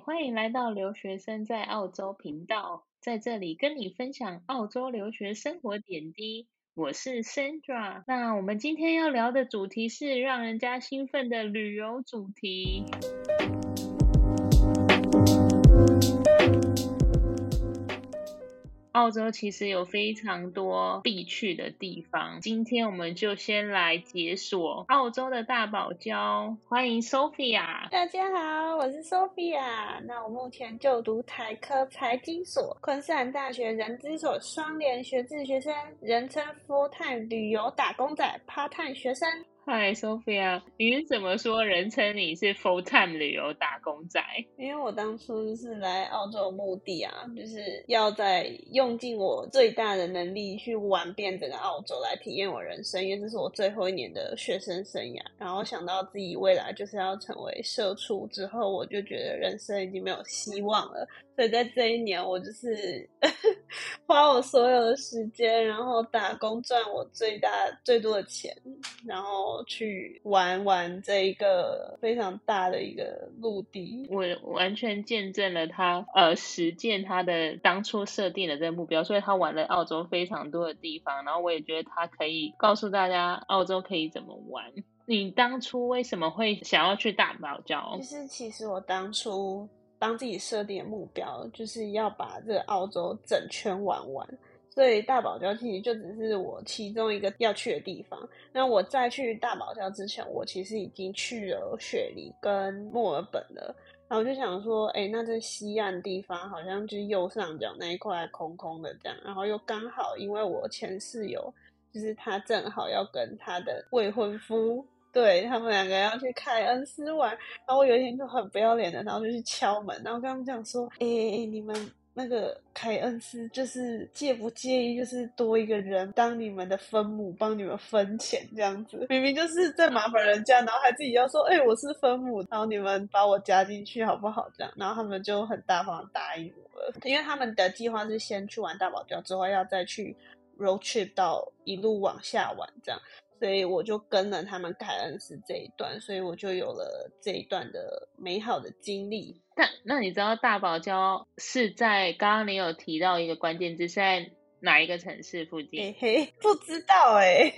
歡迎來到留學生在澳洲頻道，在這裡跟你分享澳洲留學生活點滴。我是 Sandra，那我們今天要聊的主題是讓人家興奮的旅遊主題。澳洲其實有非常多必去的地方，今天我們就先來解鎖澳洲的大堡礁。歡迎 Sophia，大家好，我是 Sophia。那我目前就讀台科財經所、昆士蘭大學人資所雙聯學制學生，人稱 full-time 旅遊打工仔、part-time 學生。嗨，Sophia，你是怎麼說？人稱你是 full-time 旅遊打工仔，因為我當初就是來澳洲的目的啊，就是要在用盡我最大的能力去玩遍整個澳洲，來體驗我人生，因為這是我最後一年的學生生涯。然後想到自己未來就是要成為社畜之後，我就覺得人生已經沒有希望了。所以在這一年，我就是 花我所有的時間，然後打工賺我最大最多的錢，然後。去玩玩這一個非常大的一個陸地，我完全見證了他呃實踐他的當初設定的這個目標，所以他玩了澳洲非常多的地方，然後我也覺得他可以告訴大家澳洲可以怎麼玩。你當初為什麼會想要去大堡礁？其實，其實我當初幫自己設定的目標，就是要把這個澳洲整圈玩完。所以大堡礁其實就只是我其中一個要去的地方。那我在去大堡礁之前，我其實已經去了雪梨跟墨爾本了。然後就想說，哎，那這西岸地方好像就是右上角那一塊空空的這樣。然後又剛好，因為我前室友就是他，正好要跟他的未婚夫，對他們兩個要去凱恩斯玩。然後我有一天就很不要臉的，然後就去敲門，然後跟他們講說，哎哎哎，你們。那個凱恩斯就是介不介意，就是多一個人當你們的分母，幫你們分錢這樣子。明明就是在麻煩人家，然後還自己要說：“哎，我是分母，然後你們把我加進去好不好？”這樣，然後他們就很大方答應我了。因為他們的計劃是先去玩大堡礁，之後要再去 road trip 到一路往下玩這樣，所以我就跟了他們凱恩斯這一段，所以我就有了這一段的美好的經歷。那那你知道大堡礁是在，剛剛你有提到一個關鍵字，是在哪一個城市附近？嘿、欸、嘿，不知道哎。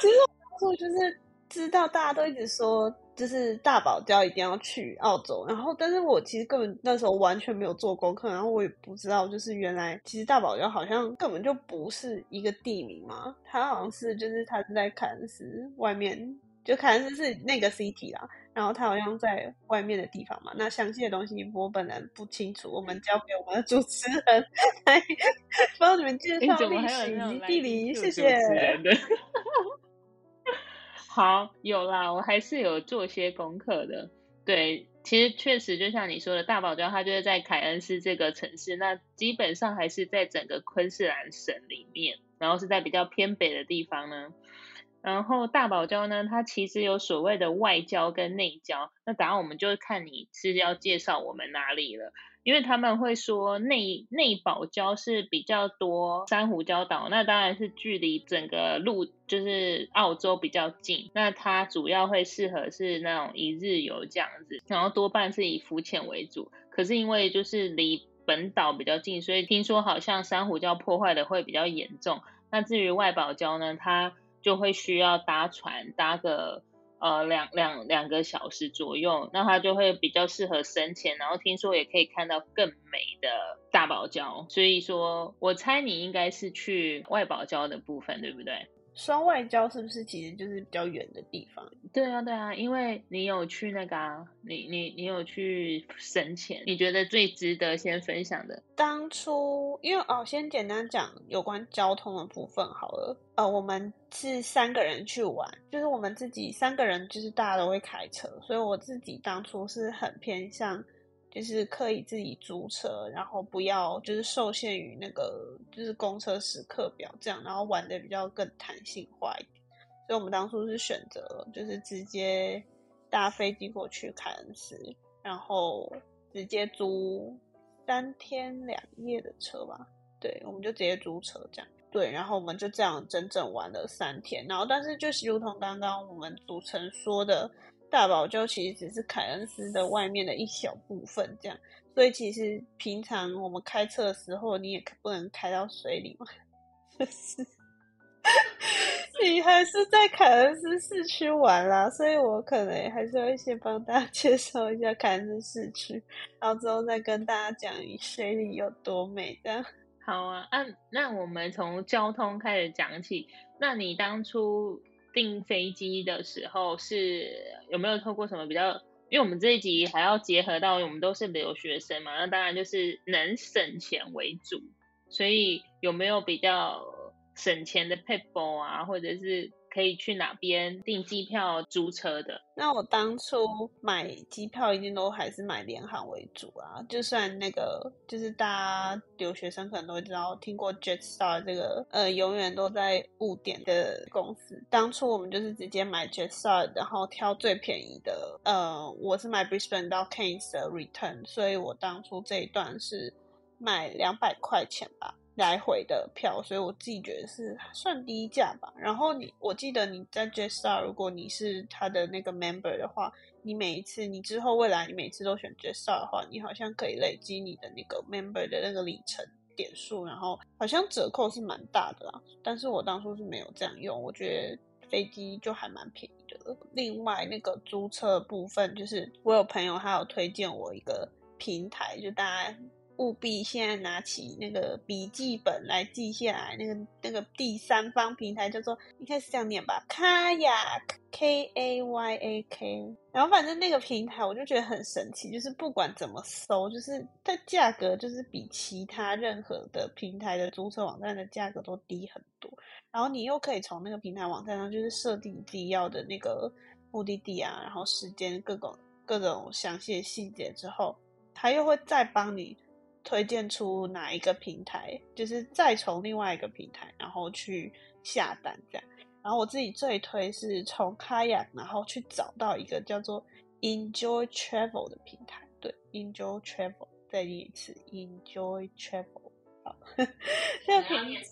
其實我就是知道大家都一直說，就是大堡礁一定要去澳洲。然後，但是我其實根本那時候完全沒有做功課，然後我也不知道，就是原來其實大堡礁好像根本就不是一個地名嘛，它好像是就是它是在凱恩斯外面。就凱恩斯是那個 City 啦，然後他好像在外面的地方嘛，那詳細的東西我本人不清楚，我們交給我們的主持人來幫 你們介紹、欸、還有一個地理，謝謝。好，有啦，我還是有做些功課的。對，其實確實就像你說的，大堡礁它就是在凱恩斯這個城市，那基本上還是在整個昆士蘭省裡面，然後是在比較偏北的地方呢。然後大堡礁呢，它其實有所謂的外礁跟內礁，那當然我們就看你是要介紹我們哪裡了，因為他們會說，內內堡礁是比較多珊瑚礁島，那當然是距離整個陸，就是澳洲比較近，那它主要會適合是那種一日遊這樣子，然後多半是以浮潛為主，可是因為就是離本島比較近，所以聽說好像珊瑚礁破壞的會比較嚴重。那至於外堡礁呢，它。就會需要搭船搭個呃兩兩兩個小時左右，那它就會比較適合深潛，然後聽說也可以看到更美的大堡礁，所以說，我猜你應該是去外堡礁的部分，對不對？雙外交是不是其實就是比較遠的地方？對啊，對啊，因為你有去那個啊，你你你有去深潛，你覺得最值得先分享的？當初因為哦，先簡單講有關交通的部分好了。呃、哦，我們是三個人去玩，就是我們自己三個人，就是大家都會開車，所以我自己當初是很偏向。就是可以自己租車，然後不要就是受限於那個就是公車時刻表這樣，然後玩的比較更彈性化一點。所以我們當初是選擇就是直接搭飛機過去凱恩斯，然後直接租三天兩夜的車吧。對，我們就直接租車這樣。對，然後我們就這樣整整玩了三天，然後但是就是如同剛剛我們主持人說的。大堡礁其實只是凱恩斯的外面的一小部分，這樣，所以其實平常我們開車的時候，你也不能開到水裡嘛。就是， 你還是在凱恩斯市區玩啦，所以我可能還是會先幫大家介紹一下凱恩斯市區，然後之後再跟大家講水裡有多美。這樣。好啊，那、啊、那我們從交通開始講起。那你當初，訂飛機的時候是有沒有透過什麼比較？因為我們這一集還要結合到我們都是留學生嘛，那當然就是能省錢為主，所以有沒有比較省錢的撇步啊，或者是？可以去哪邊訂機票、租車的？那我當初買機票一定都還是買廉航為主啊。就算那個，就是大家留學生可能都知道，聽過 Jetstar 這個呃永遠都在誤點的公司。當初我們就是直接買 Jetstar，然後挑最便宜的。呃，我是買 Brisbane 到 Cairns 的 return，所以我當初這一段是買兩百塊錢吧。來回的票，所以我自己覺得是算低價吧。然後你，我記得你在 Jetstar，如果你是他的那個 member 的話，你每一次，你之後未來你每次都選 Jetstar 的話，你好像可以累積你的那個 member 的那個里程點數，然後好像折扣是蠻大的啦。但是我當初是沒有這樣用，我覺得飛機就還蠻便宜的。另外那個租車部分，就是我有朋友他有推薦我一個平台，就大家。務必現在拿起那個筆記本來記下來，那個那個第三方平台叫做，一開始這樣念吧，Kayak，K-A-Y-A-K，然後反正那個平台我就覺得很神奇，就是不管怎麼搜，就是它價格就是比其他任何的平台的租車網站的價格都低很多，然後你又可以從那個平台網站上，就是設定你要的那個目的地啊，然後時間各種各種詳細的細節之後，它又會再幫你。推薦出哪一個平台，就是再從另外一個平台，然後去下單這樣。然後我自己最推是從 k a y a 然後去找到一個叫做 Enjoy Travel 的平台。對，Enjoy Travel 再念一次，Enjoy Travel。好，好 這個平台。Yes.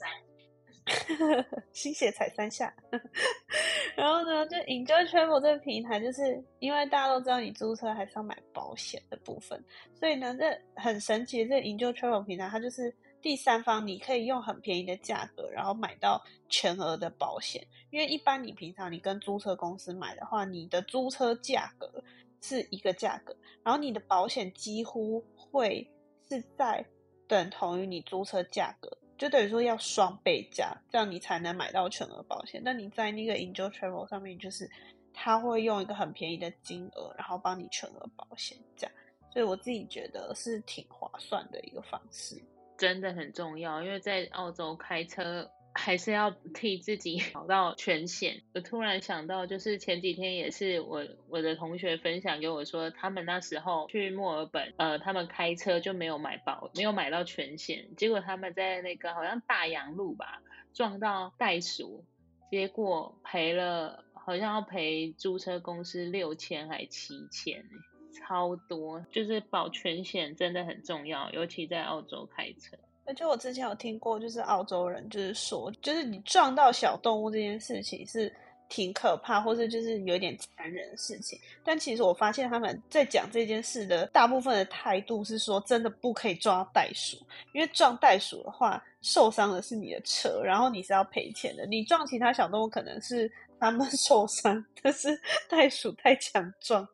新鞋 踩三下， 然後呢，就 Enjoy Travel 這個平台，就是因為大家都知道你租車還是要買保險的部分，所以呢，這很神奇，這 Enjoy Travel 平台它就是第三方，你可以用很便宜的價格，然後買到全額的保險。因為一般你平常你跟租車公司買的話，你的租車價格是一個價格，然後你的保險幾乎會是在等同於你租車價格。就等於說要雙倍價，這樣你才能買到全額保險。但你在那個 Enjoy Travel 上面，就是他會用一個很便宜的金額，然後幫你全額保險價，這樣，所以我自己覺得是挺划算的一個方式，真的很重要，因為在澳洲開車。還是要替自己買到全險。我突然想到，就是前幾天也是我我的同學分享給我說，他們那時候去墨爾本，呃，他們開車就沒有買保，沒有買到全險，結果他們在那個好像大洋路吧，撞到袋鼠，結果賠了，好像要賠租車公司六千還七千，超多，就是保全險真的很重要，尤其在澳洲開車。而且我之前有聽過，就是澳洲人就是說，就是你撞到小動物這件事情是挺可怕，或是就是有點殘忍的事情。但其實我發現他們在講這件事的大部分的態度是說，真的不可以撞袋鼠，因為撞袋鼠的話，受傷的是你的車，然後你是要賠錢的。你撞其他小動物可能是他們受傷，但是袋鼠太強壯，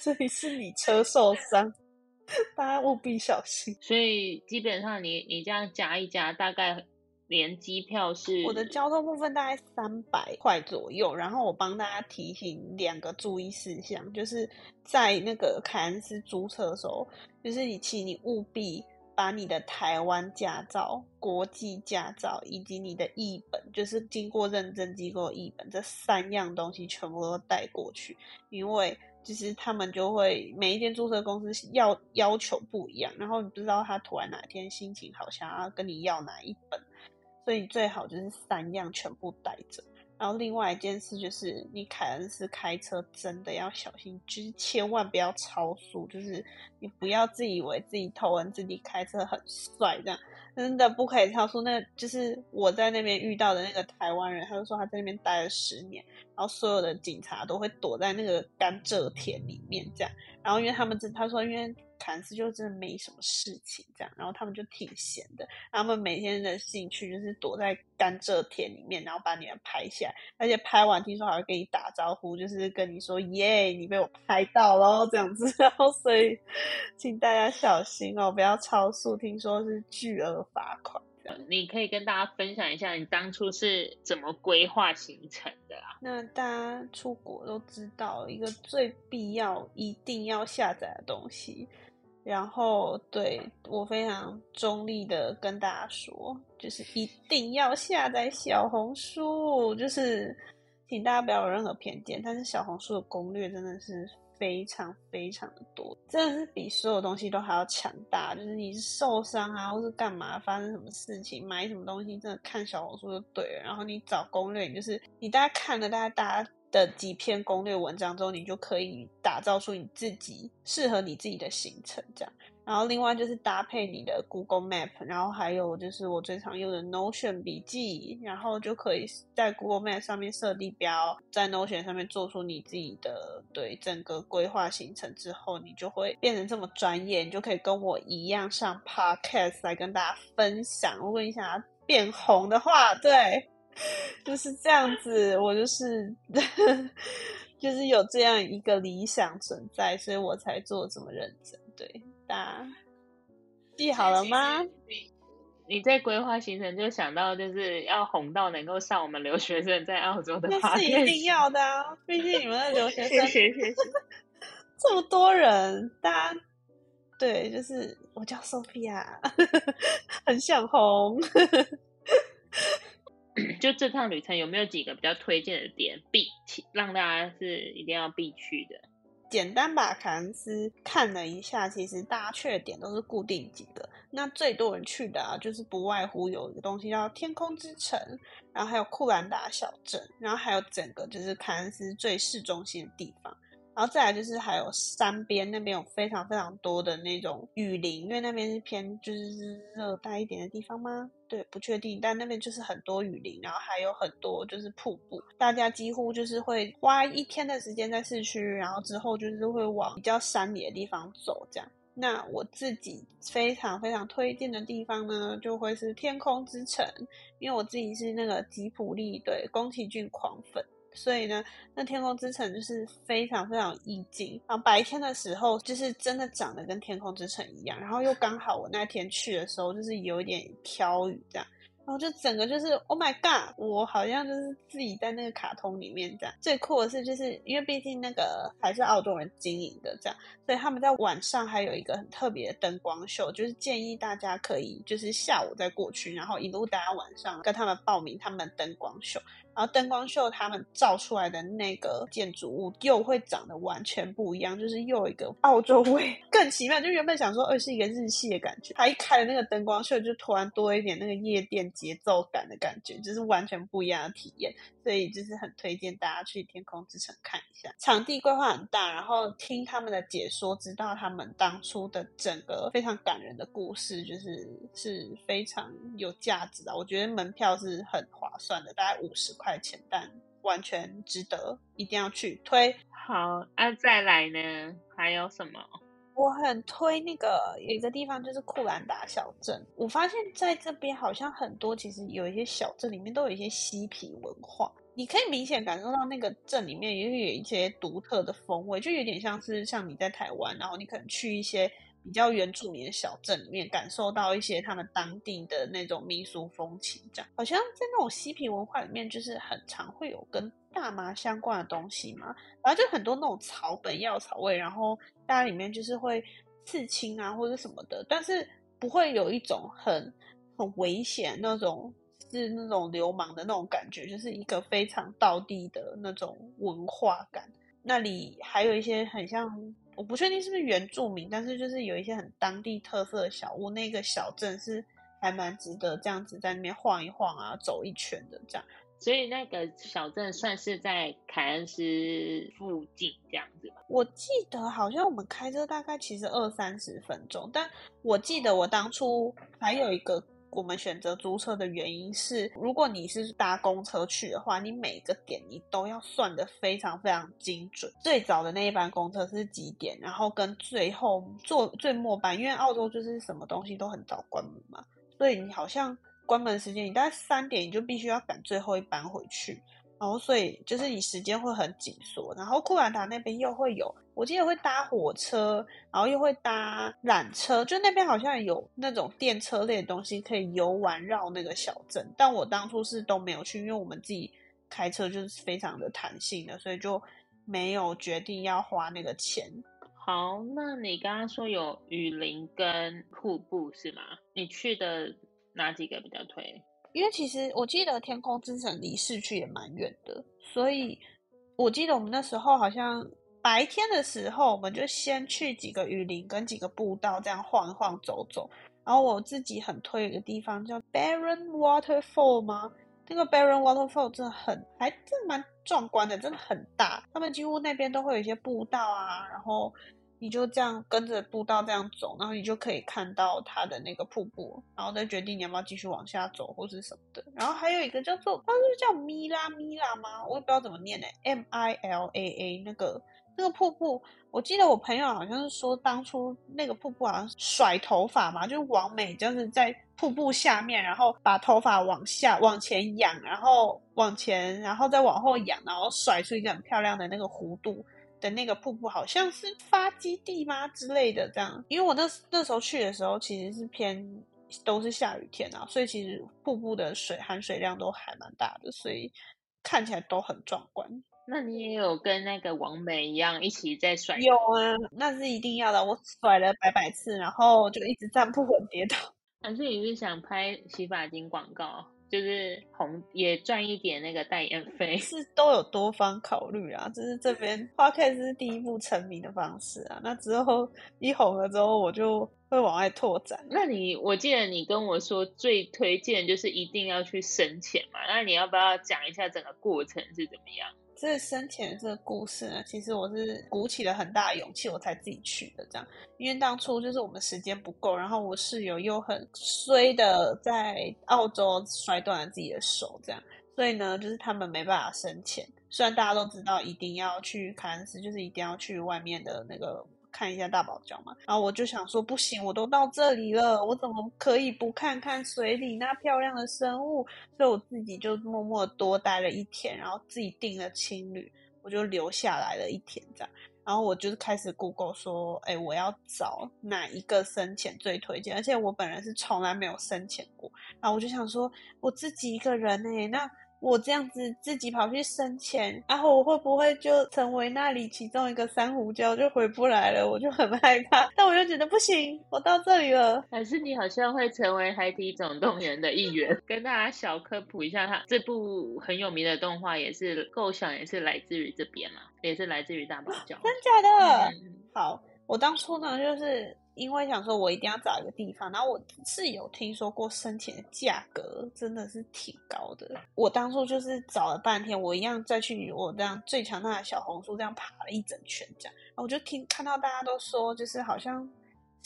所以是你車受傷。 大家務必小心。所以基本上你，你你這樣加一加，大概連機票是我的交通部分大概三百塊左右。然後我幫大家提醒兩個注意事項，就是在那個凱恩斯租車的時候，就是你請你務必把你的台灣駕照、國際駕照以及你的譯本，就是經過認證機構的譯本，這三樣東西全部都帶過去，因為。其實他們就會每一間租車公司要要求不一樣，然後你不知道他突然哪天心情好，想要跟你要哪一本，所以最好就是三樣全部帶着。然後另外一件事就是，你凱恩斯開車真的要小心，就是千萬不要超速，就是你不要自以為自己偷文自己開車很帥這樣。真的不可以跳出，那就是我在那邊遇到的那個台灣人，他就說他在那邊待了十年，然後所有的警察都會躲在那個甘蔗田裡面這樣，然後因為他們這，他說因為。蠶絲就真的沒什麼事情，這樣，然後他們就挺閒的。他們每天的興趣就是躲在甘蔗田裡面，然後把你們拍下來，而且拍完聽說還會跟你打招呼，就是跟你說“耶，你被我拍到嘍”這樣子。然後所以，請大家小心哦，不要超速，聽說是巨額罰款。你可以跟大家分享一下你當初是怎麼規劃行程的啊？那大家出國都知道一個最必要、一定要下載的東西。然後，對，我非常中立的跟大家說，就是一定要下載小紅書，就是請大家不要有任何偏見，但是小紅書的攻略真的是。非常非常的多，真的是比所有東西都還要強大。就是你是受傷啊，或是幹嘛發生什麼事情，買什麼東西，真的看小紅書就對了。然後你找攻略，你就是你大家看了大家大家的幾篇攻略文章之後，你就可以打造出你自己適合你自己的行程，這樣。然後另外就是搭配你的 Google Map，然後還有就是我最常用的 Notion 筆記，然後就可以在 Google Map 上面設地標，在 Notion 上面做出你自己的，對，整個規劃行程之後，你就會變成這麼專業，你就可以跟我一樣上 Podcast 來跟大家分享。如果你想要變紅的話，對，就是這樣子，我就是 就是有這樣一個理想存在，所以我才做這麼認真，對。啊，記好了嗎？你在規劃行程就想到就是要紅到能夠上我們留學生在澳洲的，那是一定要的啊！ 畢竟你們的留學生，學學學學 這麼多人，大家對，就是我叫 Sophia， 很想紅。 就這趟旅程有沒有幾個比較推薦的點必讓大家是一定要必去的？簡單把凱恩斯看了一下，其實大家去的點都是固定幾個，那最多人去的啊，就是不外乎有一個東西叫做天空之城，然後還有庫蘭達小鎮，然後還有整個就是凱恩斯最市中心的地方。然後再來就是還有山邊那邊有非常非常多的那種雨林，因為那邊是偏就是熱帶一點的地方嗎？對，不確定，但那邊就是很多雨林，然後還有很多就是瀑布，大家幾乎就是會花一天的時間在市區，然後之後就是會往比較山裡的地方走這樣。那我自己非常非常推薦的地方呢，就會是天空之城，因為我自己是那個吉卜力，對，宮崎駿狂粉。所以呢，那天空之城就是非常非常意境。然後白天的時候，就是真的長得跟天空之城一樣。然後又剛好我那天去的時候，就是有一點飄雨這樣，然後就整個就是，Oh my god！我好像就是自己在那個卡通裡面這樣。最酷的是，就是因為畢竟那個還是澳洲人經營的這樣，所以他們在晚上還有一個很特別的燈光秀，就是建議大家可以就是下午再過去，然後一路大家晚上跟他們報名他們的燈光秀。然後燈光秀，他們照出來的那個建築物又會長得完全不一樣，就是又一個澳洲味。更奇妙，就原本想說呃、欸，是一個日系的感覺，他一開了那個燈光秀，就突然多一點那個夜店節奏感的感覺，就是完全不一樣的體驗。所以就是很推薦大家去天空之城看一下。場地規劃很大，然後聽他們的解說，知道他們當初的整個非常感人的故事，就是是非常有價值的、啊。我覺得門票是很划算的，大概五十塊。塊錢，但完全值得，一定要去推。好，那、啊、再來呢？還有什麼？我很推那個有一個地方，就是庫蘭達小鎮。我發現在這邊好像很多，其實有一些小鎮裡面都有一些嬉皮文化，你可以明顯感受到那個鎮裡面也有一些獨特的風味，就有點像是像你在台灣，然後你可能去一些。比較原住民的小鎮裡面，感受到一些他們當地的那種民俗風情這樣好像在那種嬉皮文化裡面，就是很常會有跟大麻相關的東西嘛，然後就很多那種草本藥草味，然後大家裡面就是會刺青啊或者什麼的，但是不會有一種很很危險那種，是那種流氓的那種感覺，就是一個非常道地的那種文化感。那裡還有一些很像。我不確定是不是原住民，但是就是有一些很當地特色的小屋，那個小鎮是還蠻值得這樣子在那邊晃一晃啊，走一圈的這樣，所以那個小鎮算是在凱恩斯附近這樣子。我記得好像我們開車大概其實二三十分鐘，但我記得我當初還有一個。我們選擇租車的原因是，如果你是搭公車去的話，你每個點你都要算得非常非常精準。最早的那一班公車是幾點？然後跟最後坐最末班，因為澳洲就是什麼東西都很早關門嘛，所以你好像關門時間，你大概三點你就必須要趕最後一班回去。然後，所以就是你時間會很緊縮。然後庫蘭達那邊又會有，我記得會搭火車，然後又會搭纜車，就那邊好像有那種電車類的東西可以遊玩繞那個小鎮。但我當初是都沒有去，因為我們自己開車就是非常的彈性的，所以就沒有決定要花那個錢。好，那你剛剛說有雨林跟瀑布是嗎？你去的哪幾個比較推？因為其實我記得天空之城離市區也蠻遠的，所以我記得我們那時候好像白天的時候，我們就先去幾個雨林跟幾個步道這樣晃一晃走走。然後我自己很推一個地方叫 Barron Waterfall 嗎？那個 Barron Waterfall 真的很，還真的蠻壯觀的，真的很大。他們幾乎那邊都會有一些步道啊，然後。你就這樣跟着步道這樣走，然後你就可以看到它的那個瀑布，然後再決定你要不要繼續往下走或是什麼的。然後還有一個叫做，它是叫咪啦咪啦嗎？我也不知道怎麼念呢。M I L A A 那個那個瀑布，我記得我朋友好像是說當初那個瀑布好像甩頭髮嘛，就是往美就是在瀑布下面，然後把頭髮往下往前仰，然後往前，然後再往後仰，然後甩出一個很漂亮的那個弧度。的那個瀑布好像是髮基地嗎之類的，這樣，因為我那時那時候去的時候其實是偏都是下雨天啊，所以其實瀑布的水含水量都還蠻大的，所以看起來都很壯觀。那你也有跟那個網美一樣一起在甩？有啊，那是一定要的，我甩了百百次，然後就一直站不穩跌倒。還是、啊、你是想拍洗髮精廣告？就是紅也賺一點那個代言費，是都有多方考慮啊。就是這邊花開是第一步成名的方式啊。那之後一紅了之後，我就會往外拓展。那你我記得你跟我說最推薦就是一定要去深潛嘛。那你要不要講一下整個過程是怎麼樣？這深潛這個故事呢，其實我是鼓起了很大勇氣，我才自己去的這樣。因為當初就是我們時間不夠，然後我室友又很衰的在澳洲摔斷了自己的手，這樣，所以呢，就是他們沒辦法深潛。雖然大家都知道一定要去凱恩斯，就是一定要去外面的那個。看一下大堡礁嘛，然後我就想說不行，我都到這裡了，我怎麼可以不看看水裡那漂亮的生物？所以我自己就默默多待了一天，然後自己訂了青旅，我就留下來了一天這樣。然後我就開始 Google 說，哎、欸，我要找哪一個深潛最推薦？而且我本人是從來沒有深潛過，然後我就想說，我自己一個人呢、欸，那。我這樣子自己跑去深潛，然、啊、後我會不會就成為那裡其中一個珊瑚礁就回不來了？我就很害怕。但我就覺得不行，我到這裡了。還是你好像會成為《海底總動員》的一員， 跟大家小科普一下，它這部很有名的動畫也是構想也是來自於這邊嘛，也是來自於大堡礁。真假的？嗯、好，我當初呢就是。因為想說，我一定要找一個地方。然後我是有聽說過深潛的價格真的是挺高的。我當初就是找了半天，我一樣再去我這樣最強大的小紅書這樣爬了一整圈，這樣，然後我就聽看到大家都說，就是好像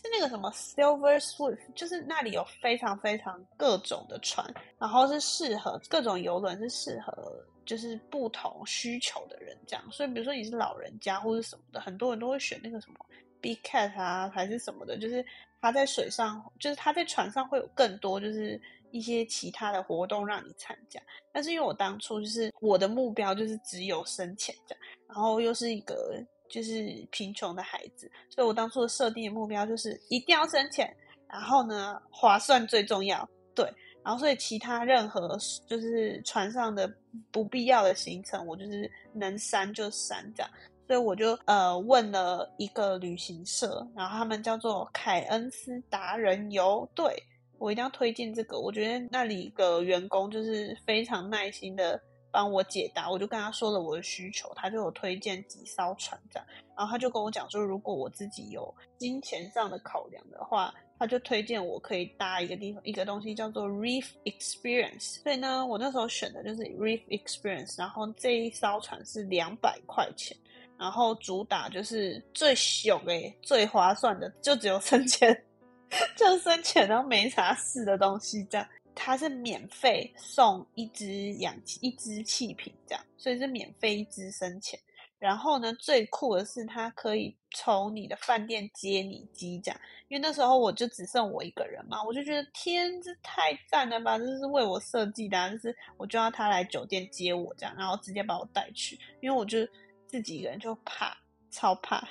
是那個什麼 Silver Swift，就是那裡有非常非常各種的船，然後是適合各種遊輪，是適合就是不同需求的人這樣。所以比如說你是老人家或者什麼的，很多人都會選那個什麼。一 a 啊，還是什麼的，就是他在水上，就是他在船上會有更多就是一些其他的活動讓你參加。但是因為我當初就是我的目標就是只有深潛，這樣，然後又是一個就是貧窮的孩子，所以我當初設定的目標就是一定要深潛，然後呢，划算最重要，對，然後所以其他任何就是船上的不必要的行程，我就是能刪就刪這樣。所以我就呃問了一個旅行社，然後他們叫做凱恩斯達人遊，對，我一定要推薦這個。我覺得那裡的員工就是非常耐心的幫我解答。我就跟他說了我的需求，他就有推薦幾艘船，這樣，然後他就跟我講說，如果我自己有金錢上的考量的話，他就推薦我可以搭一個地方一個東西叫做 Reef Experience。所以呢，我那時候選的就是 Reef Experience，然後這一艘船是兩百塊錢。然後主打就是最慫的，最划算的就只有深潛， 就深潛然後沒啥事的東西，這樣它是免費送一隻氧氣，一隻氣瓶這樣，所以是免費一隻深潛。然後呢，最酷的是它可以從你的飯店接你機這樣，因為那時候我就只剩我一個人嘛，我就覺得天，這太讚了吧！這、就是為我設計的、啊，就是我就要他來酒店接我這樣，然後直接把我帶去，因為我就。自己一個人就怕，超怕，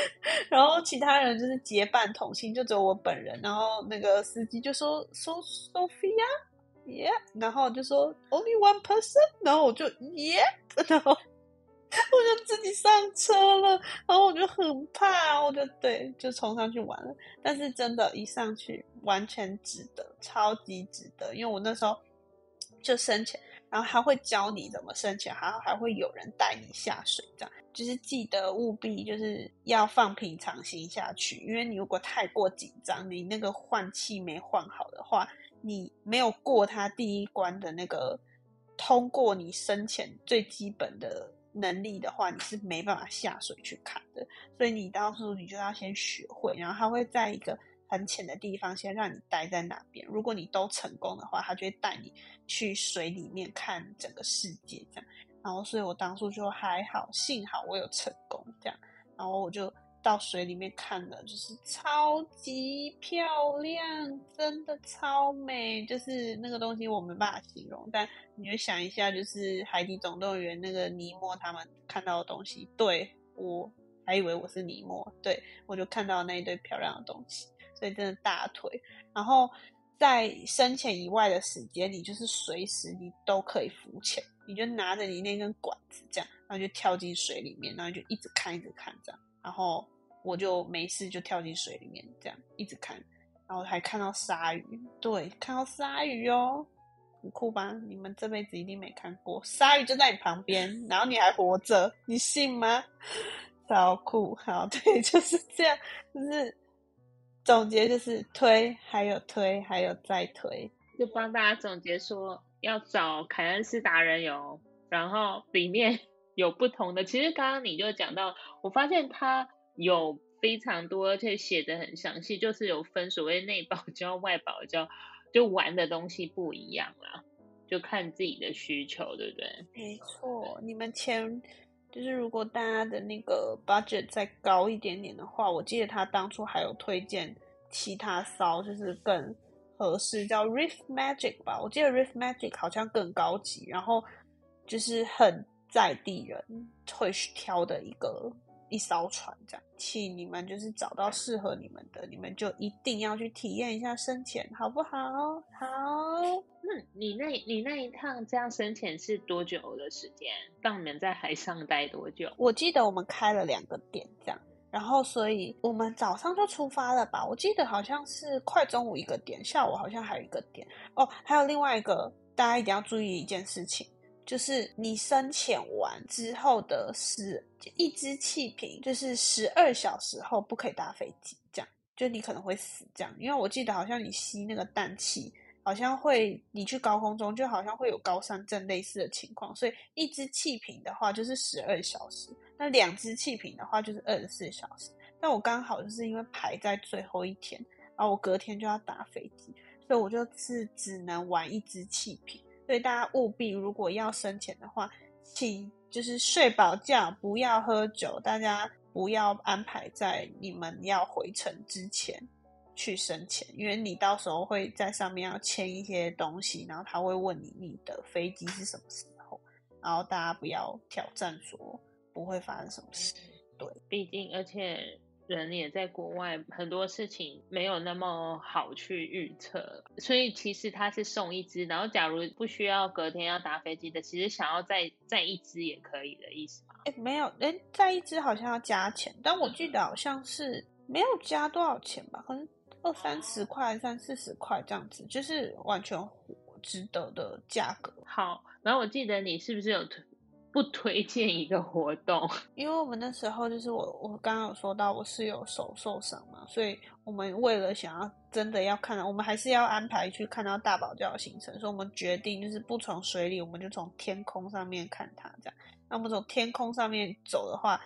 然後其他人就是結伴同行，就只有我本人。然後那個司機就說，說 Sophia，yeah，然後就說 Only one person，然後我就 yeah，然後我就自己上車了。然後我就很怕，我就對，就衝上去玩了。但是真的，一上去完全值得，超級值得，因為我那時候就深潛。然後他會教你怎麼深潛，還還會有人帶你下水，這樣就是記得務必就是要放平常心下去，因為你如果太過緊張，你那個換氣沒換好的話，你沒有過他第一關的那個通過你深潛最基本的能力的話，你是沒辦法下水去看的。所以你到時候你就要先學會，然後他會在一個。很淺的地方，先讓你待在那邊。如果你都成功的話，他就會帶你去水裡面看整個世界，這樣。然後，所以我當初就還好，幸好我有成功這樣。然後我就到水裡面看了，就是超級漂亮，真的超美，就是那個東西我沒辦法形容。但你就想一下，就是《海底總動員》那個尼莫他們看到的東西，對，我還以為我是尼莫，對，我就看到那一堆漂亮的東西。對，真的大腿。然後在深潛以外的時間，你就是隨時你都可以浮潛，你就拿着你那根管子這樣，然後就跳進水裡面，然後就一直看，一直看這樣。然後我就沒事就跳進水裡面，這樣一直看，然後還看到鯊魚，對，看到鯊魚哦，很酷吧？你們這輩子一定沒看過，鯊魚就在你旁邊，然後你還活着，你信嗎？超酷，好，對，就是這樣，就是。總結就是推，還有推，還有再推，就幫大家總結說，要找凱恩斯達人遊，然後裡面有不同的。其實剛剛你就講到，我發現他有非常多，而且寫的很詳細，就是有分所謂內堡礁、外堡礁，就玩的東西不一樣啦，就看自己的需求，對不對？沒錯，你們前。就是如果大家的那個 budget 再高一點點的話，我記得他當初還有推薦其他艘，就是更合適叫 Reef Magic 吧。我記得 Reef Magic 好像更高級，然後就是很在地人會去挑的一個一艘船這樣。請你們就是找到適合你們的，你們就一定要去體驗一下深潛，好不好？好。你那，你那一趟這樣深潛是多久的時間？當你們在海上待多久？我記得我們開了兩個點，這樣，然後所以我們早上就出發了吧？我記得好像是快中午一個點，下午好像還有一個點哦，還有另外一個大家一定要注意一件事情，就是你深潛完之後的是一支氣瓶，就是十二小時後不可以搭飛機，這樣就你可能會死，這樣，因為我記得好像你吸那個氮氣。好像會，你去高空中就好像會有高山症類似的情況，所以一支氣瓶的話就是十二小時，那兩支氣瓶的話就是二十四小時。那我剛好就是因為排在最後一天，然後我隔天就要打飛機，所以我就是只能玩一支氣瓶。所以大家務必如果要深潛的話，請就是睡飽覺，不要喝酒，大家不要安排在你們要回程之前去深潛，因為你到時候會在上面要簽一些東西，然後他會問你，你的飛機是什麼時候，然後大家不要挑戰說不會發生什麼事。對，畢竟而且人也在國外，很多事情沒有那麼好去預測，所以其實他是送一支，然後假如不需要隔天要搭飛機的，其實想要再再一支也可以的意思嗎？哎，沒有，哎，再一支好像要加錢，但我記得好像是沒有加多少錢吧，可能。二三十塊，三四十塊這樣子，就是完全值得的價格。好，然後我記得你是不是有推不推薦一個活動？因為我們那時候就是我我剛剛有說到我是有手受傷嘛，所以我們為了想要真的要看到，我們還是要安排去看到大堡礁的行程，所以我們決定就是不從水裡，我們就從天空上面看它這樣。那我們從天空上面走的話，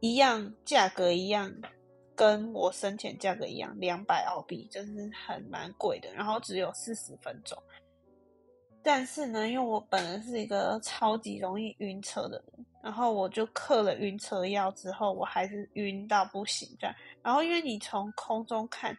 一樣，價格一樣。跟我生前價格一樣，兩百澳幣，就是很蠻貴的。然後只有四十分鐘，但是呢，因為我本人是一個超級容易暈車的人，然後我就嗑了暈車藥之後，我還是暈到不行這樣。然後因為你從空中看，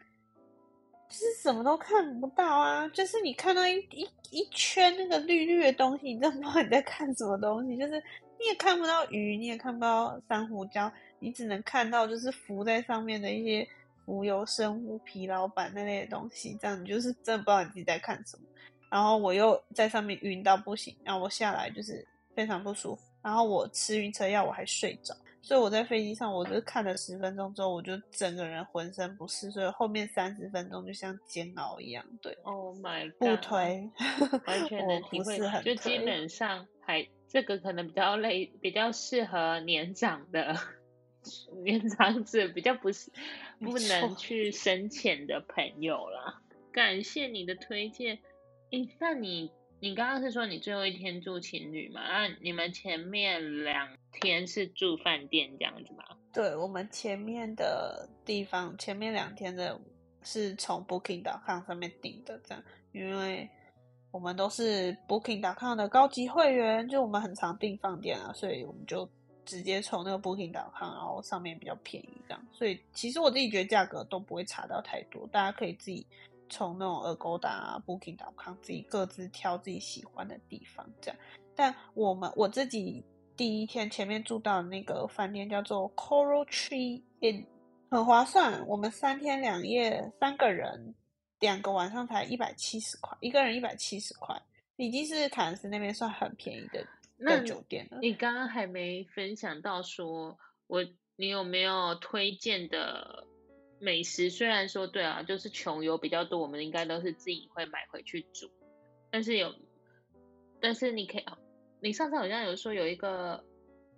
就是什麼都看不到啊，就是你看到一一一圈那個綠綠的東西，你都不知道你在看什麼東西，就是你也看不到魚，你也看不到珊瑚礁。你只能看到就是浮在上面的一些浮游生物、疲勞板那類的東西，這樣，你就是真的不知道你自己在看什麼。然後我又在上面暈到不行，然後我下來就是非常不舒服。然後我吃暈車藥，我還睡着，所以我在飛機上，我就看了十分鐘之後，我就整個人渾身不適，所以後面三十分鐘就像煎熬一樣。對，Oh my God。不推，完全能體會， 不是很就基本上還這個可能比較累，比較適合年長的。年長者比較不是不能去深潛的朋友了。沒錯，感謝你的推薦。欸，那你你剛剛是說你最後一天住情侶嘛？那、啊、你們前面兩天是住飯店這樣子嗎？對，我們前面的地方，前面兩天的是從 Booking.com 上面訂的，這樣，因為我們都是 Booking.com 的高級會員，就我們很常訂飯店啊，所以我們就。直接從那個 Booking 點康，然後上面比較便宜。這樣，所以其實我自己覺得價格都不會差到太多，大家可以自己從那種呃 Agoda Booking 點康自己各自挑自己喜歡的地方，這樣。但我們我自己第一天前面住到的那個飯店叫做 Coral Tree Inn，很划算，我們三天兩夜三個人，兩個晚上才一百七十塊。一個人一百七十塊，已經是凱恩斯那邊算很便宜的。那，你剛剛還沒分享到說我，我你有沒有推薦的美食？雖然說對啊，就是窮遊比較多，我們應該都是自己會買回去煮。但是有，但是你可以，啊，你上次好像有說有一個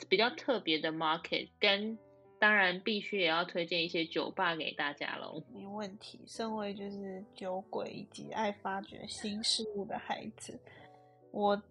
比較特別的 market，跟當然必須也要推薦一些酒吧給大家咯。沒問題，身為就是酒鬼以及愛發掘新事物的孩子，我。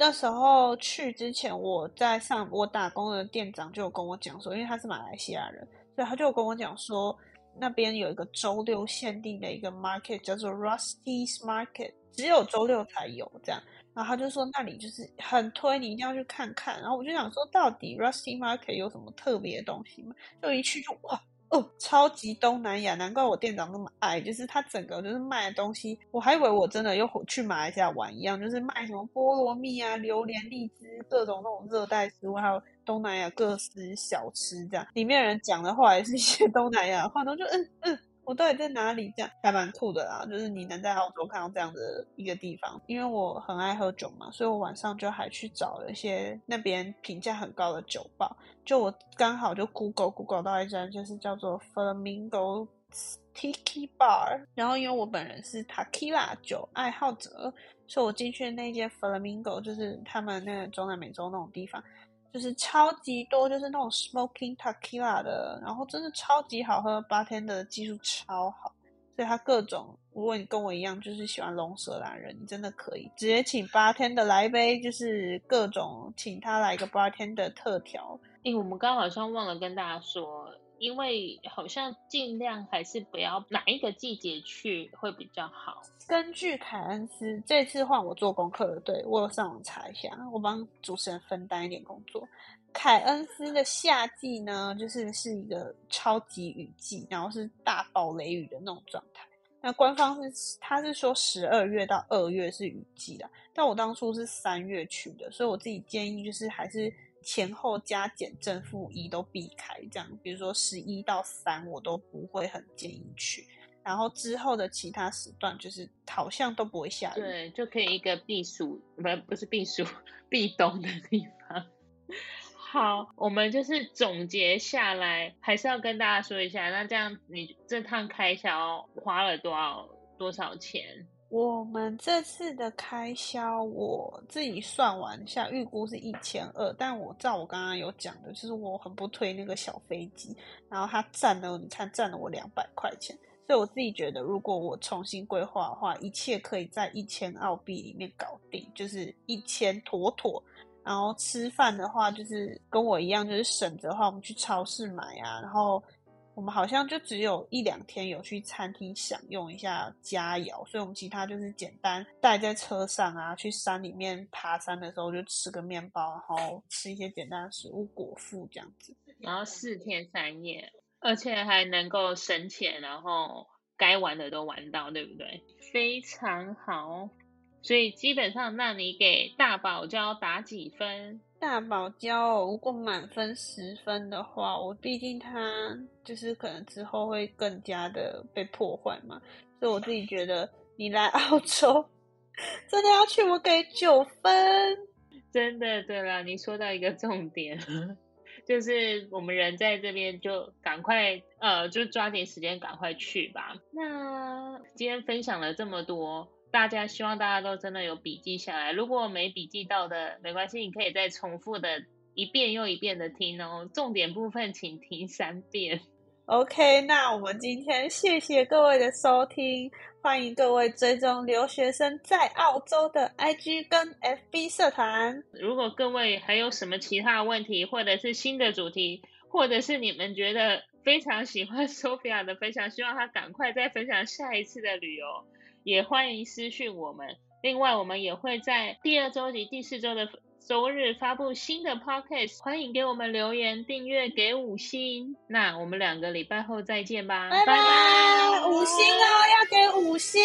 那時候去之前，我在上我打工的店長就有跟我講說，因為他是馬來西亞人，所以他就跟我講說，那邊有一個周六限定的一個 market 叫做 Rusty's Market，只有周六才有這樣。然後他就說那裡就是很推，你一定要去看看。然後我就想說，到底 Rusty's Market 有什麼特別的東西嗎？就一去就哇。哦，超級東南亞，難怪我店長那麼愛，就是他整個就是賣的東西，我還以為我真的又去馬來西亞玩一樣，就是賣什麼菠蘿蜜啊、榴蓮、荔枝，各種那種熱帶食物，還有東南亞各式小吃，這樣裡面人講的話也是一些東南亞話，都就嗯嗯。嗯我到底在哪裡？這樣還蠻酷的啦。就是你能在澳洲看到這樣的一個地方，因為我很愛喝酒嘛，所以我晚上就還去找了一些那邊評價很高的酒吧。就我剛好就 Google Google 到一家，就是叫做 Flamingo Tiki Bar。然後因為我本人是龍舌蘭酒愛好者，所以我進去的那間 Flamingo 就是他們那個中南美洲那種地方。就是超級多，就是那種 smoking tequila 的，然後真的超級好喝。Bartender 的技術超好，所以他各種，如果你跟我一樣就是喜歡龍舌蘭人，你真的可以直接請 Bartender 來一杯，就是各種請他來個 Bartender 特調。哎、欸，我們剛剛好像忘了跟大家說。因為好像盡量還是不要哪一個季節去會比較好。根據凱恩斯，這次換我做功課了，對，我有上網查一下，我幫主持人分擔一點工作。凱恩斯的夏季呢，就是是一個超級雨季，然後是大暴雷雨的那種狀態。那官方是他是說十二月到二月是雨季的，但我當初是三月去的，所以我自己建議就是還是。前後加減正負一都避開這樣，比如說十一到三我都不會很建議去，然後之後的其他時段就是好像都不會下雨，對，就可以一個避暑，不，不是避暑，避冬的地方。好，我們就是總結下來，還是要跟大家說一下，那這樣你這趟開銷花了多少多少錢？我們這次的開銷，我自己算完一下預估是一千二，但我照我剛剛有講的，就是我很不推那個小飛機，然後它占了，你看占了我兩百塊錢，所以我自己覺得，如果我重新規劃的話，一切可以在一千澳幣裡面搞定，就是一千妥妥。然後吃飯的話，就是跟我一樣，就是省着的話，我們去超市買啊，然後。我們好像就只有一兩天有去餐廳享用一下佳肴，所以我們其他就是簡單帶在車上啊，去山裡面爬山的時候就吃個麵包，然後吃一些簡單的食物果腹這樣子。然後四天三夜，而且還能夠省錢，然後該玩的都玩到，對不對？非常好。所以基本上，那你給大堡礁打幾分？大堡礁，哦，如果滿分十分的話，我畢竟它就是可能之後會更加的被破壞嘛，所以我自己覺得，你來澳洲，真的要去，我給九分。真的，對了，你說到一個重點，就是我們人在這邊就趕快，呃，就抓緊時間趕快去吧。那今天分享了這麼多。大家希望大家都真的有筆記下來，如果沒筆記到的沒關係，你可以再重複的一遍又一遍的聽哦，重點部分請聽三遍。OK，那我們今天謝謝各位的收聽，歡迎各位追蹤留學生在澳洲的 IG 跟 FB 社團。如果各位還有什麼其他問題，或者是新的主題，或者是你們覺得非常喜歡 Sophia 的分享，希望他趕快再分享下一次的旅遊。也歡迎私訊我們。另外，我們也會在第二週及第四週的週日發布新的 podcast，歡迎給我們留言、訂閱、給五星。那我們兩個禮拜後再見吧，拜拜！拜拜五星哦，拜拜要給五星。